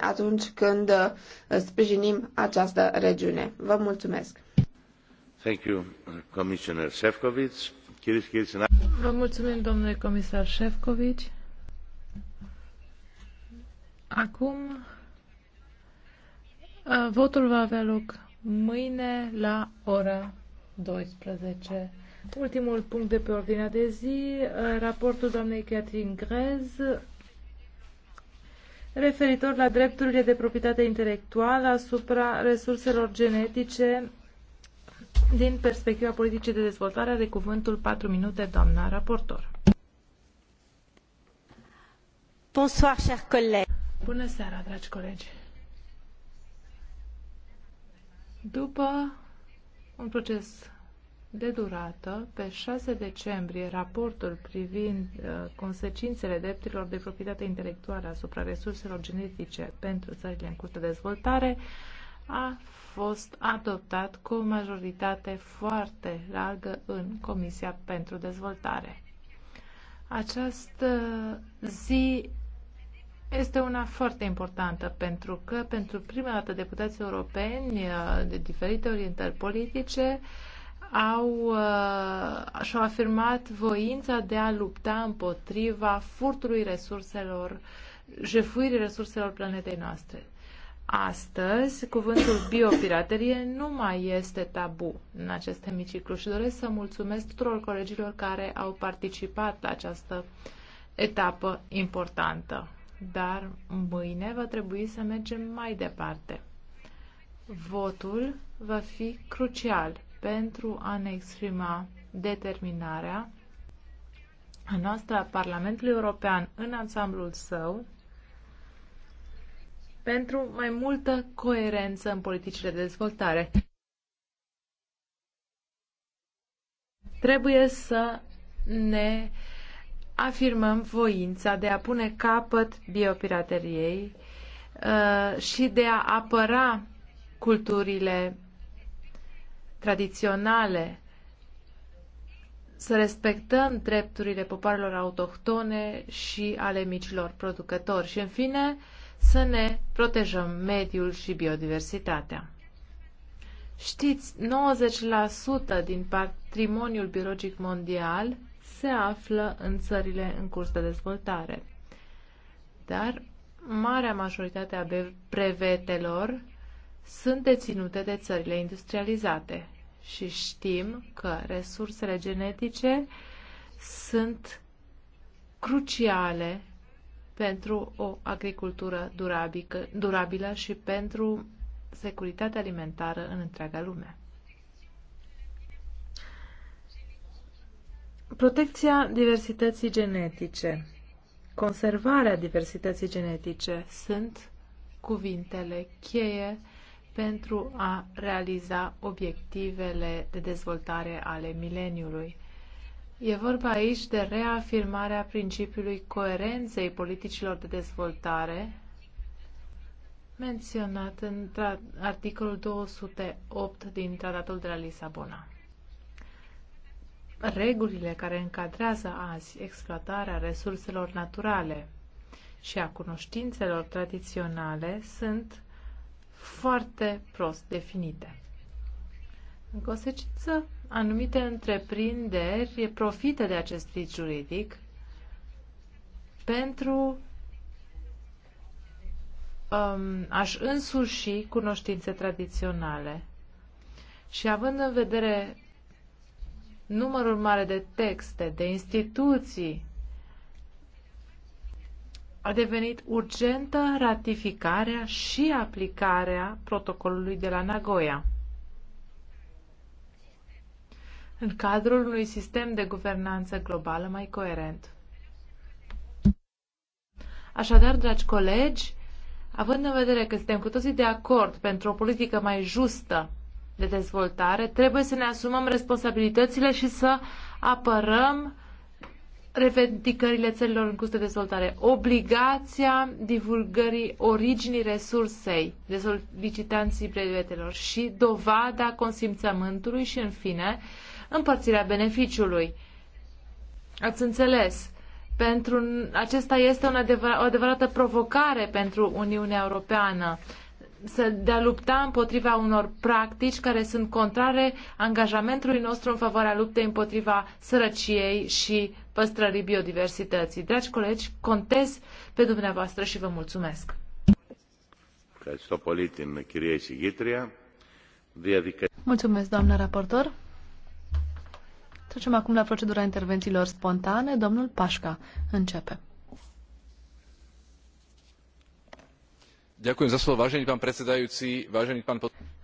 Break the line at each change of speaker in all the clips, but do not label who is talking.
atunci când uh, sprijinim această regiune. Vă mulțumesc!
Thank you, Commissioner Shefcovic. Vă mulțumim, domnule comisar Șefcovici. Acum, uh, votul va avea loc mâine la ora 12. Ultimul punct de pe ordinea de zi, uh, raportul doamnei Catherine Grez, referitor la drepturile de proprietate intelectuală asupra resurselor genetice din perspectiva politicii de dezvoltare are cuvântul 4 minute doamna raportor. Bonsoir, chers collègues. Bună seara, dragi colegi. După un proces de durată, pe 6 decembrie, raportul privind uh, consecințele drepturilor de proprietate intelectuală asupra resurselor genetice pentru țările în curs de dezvoltare a fost adoptat cu o majoritate foarte largă în Comisia pentru Dezvoltare. Această zi este una foarte importantă pentru că pentru prima dată deputații europeni uh, de diferite orientări politice uh, au, uh, și-au afirmat voința de a lupta împotriva furtului resurselor, jefuirii resurselor planetei noastre. Astăzi, cuvântul biopiraterie nu mai este tabu în acest hemiciclu și doresc să mulțumesc tuturor colegilor care au participat la această etapă importantă. Dar mâine va trebui să mergem mai departe. Votul va fi crucial pentru a ne exprima determinarea a noastră a Parlamentului European în ansamblul său pentru mai multă coerență în politicile de dezvoltare. Trebuie să ne afirmăm voința de a pune capăt biopirateriei uh, și de a apăra culturile tradiționale, să respectăm drepturile popoarelor autohtone și ale micilor producători și, în fine, să ne protejăm mediul și biodiversitatea. Știți, 90% din patrimoniul biologic mondial se află în țările în curs de dezvoltare. Dar marea majoritate a brevetelor sunt deținute de țările industrializate și știm că resursele genetice sunt cruciale pentru o agricultură durabilă, durabilă și pentru securitatea alimentară în întreaga lume. Protecția diversității genetice, conservarea diversității genetice sunt cuvintele cheie pentru a realiza obiectivele de dezvoltare ale mileniului. E vorba aici de reafirmarea principiului coerenței politicilor de dezvoltare menționat în articolul 208 din Tratatul de la Lisabona. Regulile care încadrează azi exploatarea resurselor naturale și a cunoștințelor tradiționale sunt foarte prost definite. În consecință, uh, anumite întreprinderi profită de acest vid juridic pentru um, a-și însuși cunoștințe tradiționale. Și având în vedere numărul mare de texte, de instituții a devenit urgentă ratificarea și aplicarea protocolului de la Nagoya. în cadrul unui sistem de guvernanță globală mai coerent. Așadar, dragi colegi, având în vedere că suntem cu toții de acord pentru o politică mai justă de dezvoltare, trebuie să ne asumăm responsabilitățile și să apărăm revendicările țărilor în curs de dezvoltare, obligația divulgării originii resursei de solicitanții brevetelor și dovada consimțământului și, în fine, împărțirea beneficiului. Ați înțeles? Pentru, acesta este un adevăr, o adevărată provocare pentru Uniunea Europeană să, de a lupta împotriva unor practici care sunt contrare angajamentului nostru în favoarea luptei împotriva sărăciei și păstrării biodiversității. Dragi colegi, contez pe dumneavoastră și vă mulțumesc.
Mulțumesc, doamnă raportor. Trecem acum la procedura intervențiilor spontane. Domnul Pașca începe.
Ďakujem za slovo, vážený pán predsedajúci, vážený pán...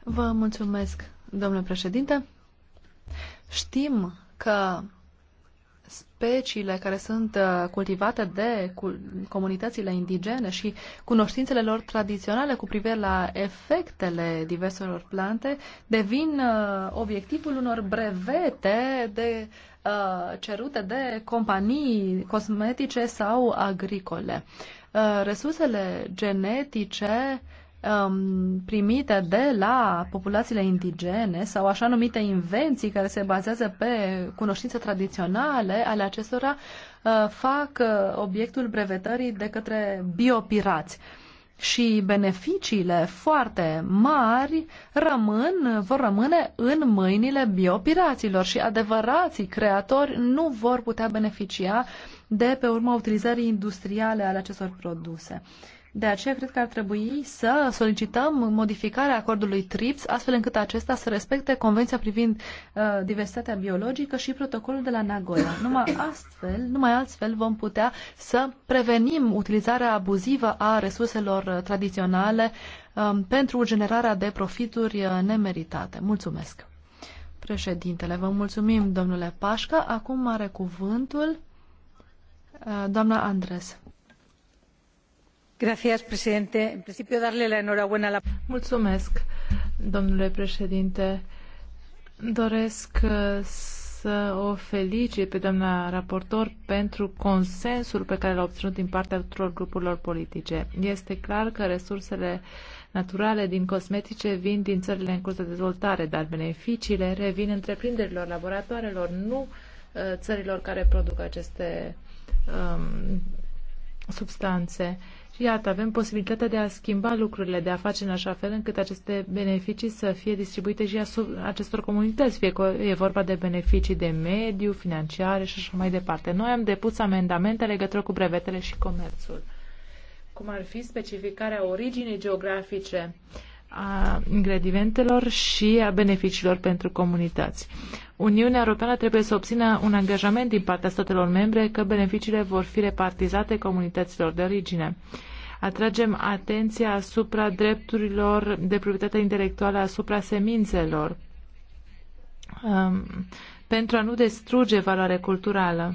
Vă mulțumesc, domnule președinte. Știm că speciile care sunt uh, cultivate de comunitățile indigene și cunoștințele lor tradiționale cu privire la efectele diverselor plante devin uh, obiectivul unor brevete de uh, cerute de companii cosmetice sau agricole. Resursele genetice uh, um, primite de la populațiile indigene sau așa numite invenții care se bazează pe cunoștințe tradiționale ale acestora uh, fac uh, obiectul brevetării de către biopirați. Și beneficiile foarte mari rămân, vor rămâne în mâinile biopiraților și adevărații creatori nu vor putea beneficia de pe urma utilizării industriale ale acestor produse. Uh, de aceea cred că ar trebui să solicităm modificarea acordului TRIPS astfel încât acesta să respecte Convenția privind uh, diversitatea biologică și protocolul de la Nagoya. Numai astfel, numai altfel vom putea să prevenim utilizarea abuzivă a resurselor uh, tradiționale um, pentru generarea de profituri uh, nemeritate. Mulțumesc. Președintele, vă mulțumim, domnule Pașca. Acum are cuvântul uh, doamna Andres. Gracias, presidente. În principiu,
darle la enhorabuena la... Mulțumesc, domnule președinte. Doresc uh, să o felicit pe doamna raportor pentru consensul pe care l-a obținut din partea tuturor grupurilor politice. Este clar că resursele naturale din cosmetice vin din țările în curs de dezvoltare, dar beneficiile revin întreprinderilor, laboratoarelor, nu uh, țărilor care produc aceste um, substanțe. Iată, avem posibilitatea de a schimba lucrurile, de a face în așa fel încât aceste beneficii să fie distribuite și acestor comunități, fie că e vorba de beneficii de mediu, financiare și așa mai departe. Noi am depus amendamente legătură cu brevetele și comerțul, cum ar fi specificarea originii geografice uh, a ingredientelor și a beneficiilor pentru comunități. Uniunea Europeană trebuie să obțină un angajament din partea statelor membre că beneficiile vor fi repartizate comunităților de origine. Atragem atenția asupra drepturilor de proprietate intelectuală asupra semințelor um, pentru a nu distruge valoarea culturală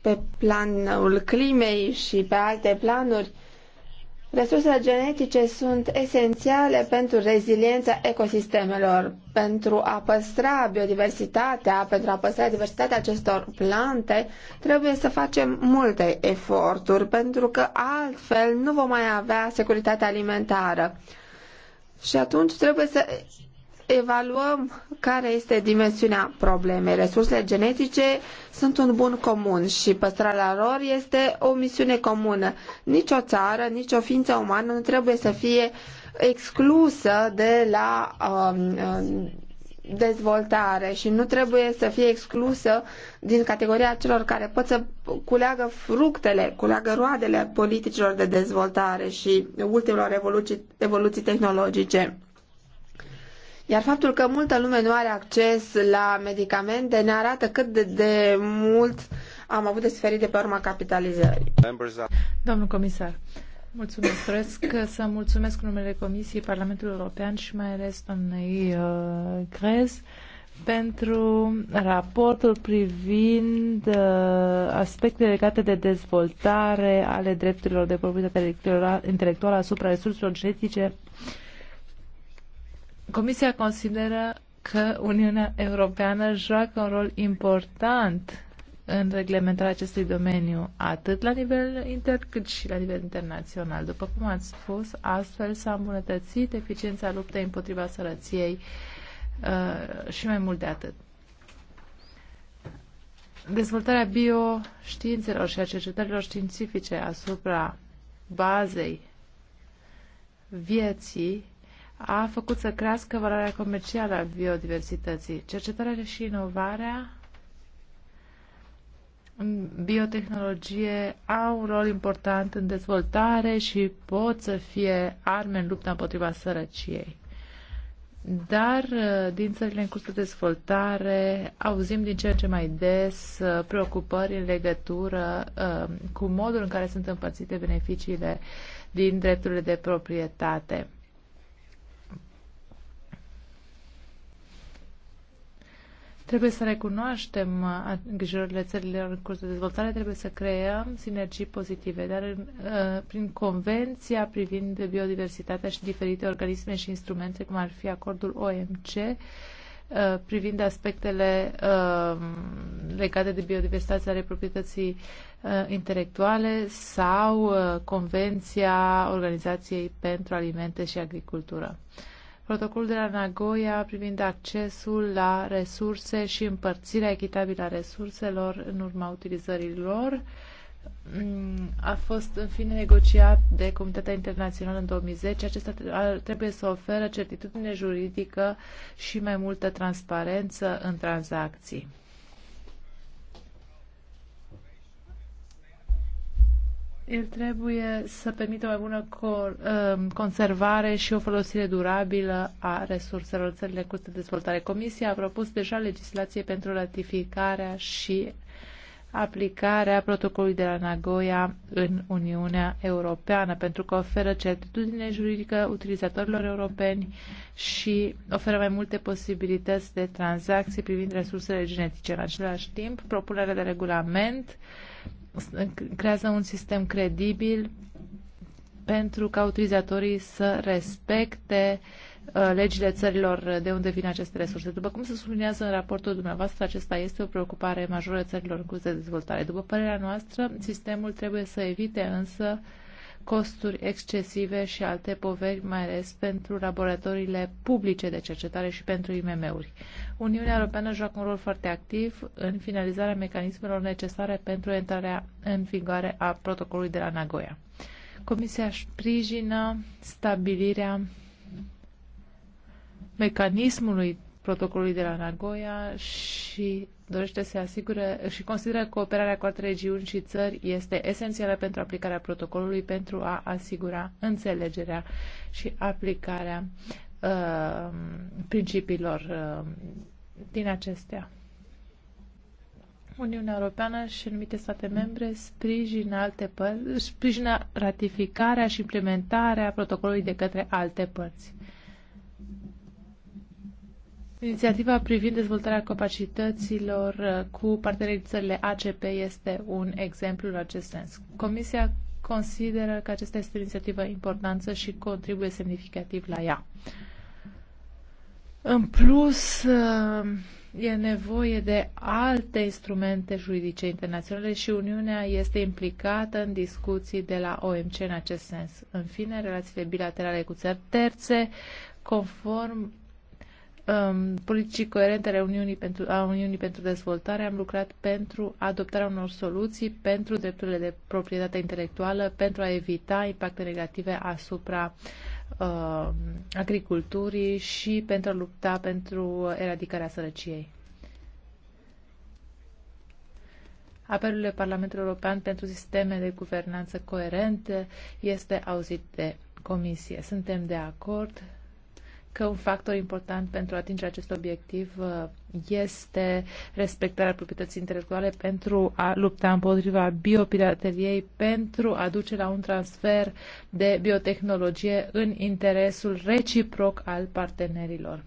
pe planul climei și pe alte planuri. Resursele genetice sunt esențiale pentru reziliența ecosistemelor, pentru a păstra biodiversitatea, pentru a păstra diversitatea acestor plante, trebuie să facem multe eforturi, pentru că altfel nu vom mai avea securitate alimentară. Și atunci trebuie să evaluăm care este dimensiunea problemei. Resursele genetice sunt un bun comun și păstrarea lor este o misiune comună. Nici o țară, nici o ființă umană nu trebuie să fie exclusă de la um, um dezvoltare și nu trebuie să fie exclusă din categoria celor care pot să culeagă fructele, culeagă roadele politicilor de dezvoltare și ultimelor evoluții, evoluții tehnologice. Iar faptul că multă lume nu are acces la medicamente ne arată cât de, de mult am avut de suferit de pe urma capitalizării.
Domnul comisar, mulțumesc. Doresc să mulțumesc numele Comisiei Parlamentului European și mai ales domnului uh, Grez pentru raportul privind uh, aspecte legate de dezvoltare ale drepturilor de proprietate intelectuală asupra resurselor genetice Comisia consideră că Uniunea Europeană joacă un rol important în reglementarea acestui domeniu, atât la nivel intern cât și la nivel internațional. După cum ați spus, astfel s-a îmbunătățit eficiența luptei împotriva sărăției uh, și mai mult de atât. Dezvoltarea bioștiințelor și a cercetărilor științifice asupra bazei vieții a făcut să crească valoarea comercială a biodiversității. Cercetarea și inovarea în biotehnologie au un rol important în dezvoltare și pot să fie arme în lupta împotriva sărăciei. Dar uh, din țările în curs de dezvoltare auzim din ce în ce mai des uh, preocupări în legătură uh, cu modul în care sunt împărțite beneficiile din drepturile de proprietate. Trebuie să recunoaștem uh, îngrijorările țărilor în curs de dezvoltare, trebuie să creăm sinergii pozitive, dar uh, prin convenția privind biodiversitatea și diferite organisme și instrumente, cum ar fi acordul OMC, uh, privind aspectele um, legate de biodiversitate ale proprietății intelectuale sau Convenția Organizației pentru Alimente și Agricultură protocolul de la Nagoya privind accesul la resurse și împărțirea echitabilă a resurselor în urma utilizării lor mm, a fost în fine negociat de Comunitatea Internațională în 2010. Acesta trebuie să oferă certitudine juridică și mai multă transparență în tranzacții. El trebuie să permită mai bună um, conservare și o folosire durabilă a resurselor țările cu de dezvoltare. Comisia a propus deja legislație pentru ratificarea și aplicarea protocolului de la Nagoya în Uniunea Europeană pentru că oferă certitudine juridică utilizatorilor europeni și oferă mai multe posibilități de tranzacții privind resursele genetice. În același timp, propunerea de regulament uh, creează un sistem credibil pentru ca utilizatorii să respecte uh, legile țărilor de unde vin aceste resurse. După cum se sublinează în raportul dumneavoastră, acesta este o preocupare majoră țărilor în curs de dezvoltare. După părerea noastră, sistemul trebuie să evite însă uh, costuri excesive și alte poveri, mai ales pentru laboratoriile publice de cercetare și pentru IMM-uri. Uniunea Europeană joacă un rol foarte activ în finalizarea mecanismelor necesare pentru intrarea în vigoare a protocolului de la Nagoya. Comisia sprijină stabilirea mecanismului protocolului de la Nagoya și dorește să se asigure și consideră cooperarea cu alte regiuni și țări este esențială pentru aplicarea protocolului pentru a asigura înțelegerea și aplicarea uh, principiilor uh, din acestea. Uniunea Europeană și anumite state membre sprijină, alte părți, sprijină ratificarea și implementarea protocolului de către alte părți. Inițiativa privind dezvoltarea capacităților uh, cu partenerii țările ACP este un exemplu în acest sens. Comisia consideră că acesta este o inițiativă importantă și contribuie semnificativ la ea. În plus, uh, e nevoie de alte instrumente juridice internaționale și Uniunea este implicată în discuții de la OMC în acest sens. În fine, relațiile bilaterale cu țări terțe, conform um, politicii coerente ale Uniunii pentru, a Uniunii pentru Dezvoltare am lucrat pentru adoptarea unor soluții pentru drepturile de proprietate intelectuală, pentru a evita impacte negative asupra uh, agriculturii și pentru a lupta pentru eradicarea sărăciei. Apelurile Parlamentului European pentru sisteme de guvernanță coerente este auzit de Comisie. Suntem de acord că un factor important pentru atingerea acest obiectiv uh, este respectarea proprietății intelectuale pentru a lupta împotriva biopirateriei, pentru a duce la un transfer de biotehnologie în interesul reciproc al partenerilor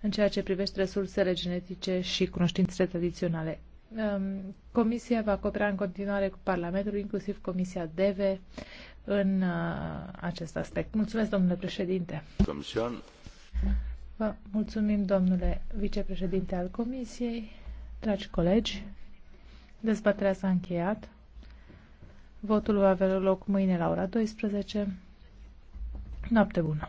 în ceea ce privește resursele genetice și cunoștințele tradiționale. Comisia va coopera în continuare cu Parlamentul, inclusiv Comisia DEVE, în uh, acest aspect. Mulțumesc, domnule președinte. Comision. Vă mulțumim, domnule vicepreședinte al Comisiei, dragi colegi. Dezbaterea s-a încheiat. Votul va avea loc mâine la ora 12. Noapte bună!